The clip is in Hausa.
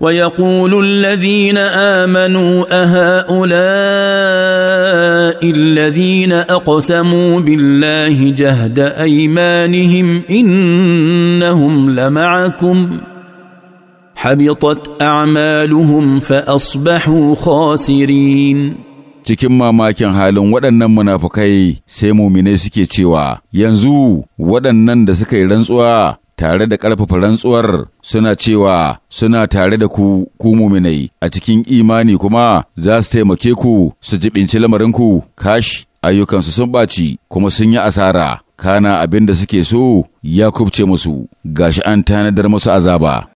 ويقول الذين امنوا اهؤلاء الذين اقسموا بالله جهد ايمانهم انهم لمعكم حبطت اعمالهم فاصبحوا خاسرين cikin mamakin halin waɗannan munafukai sai mumine suke cewa yanzu waɗannan da suka yi rantsuwa tare da ƙarfafa rantsuwar suna cewa suna tare da ku ku muminai a cikin imani kuma za su taimake ku su jibinci lamarinku kash ayyukansu sun ɓaci kuma sun yi asara kana abin da suke so ya kubce musu gashi an tanadar musu azaba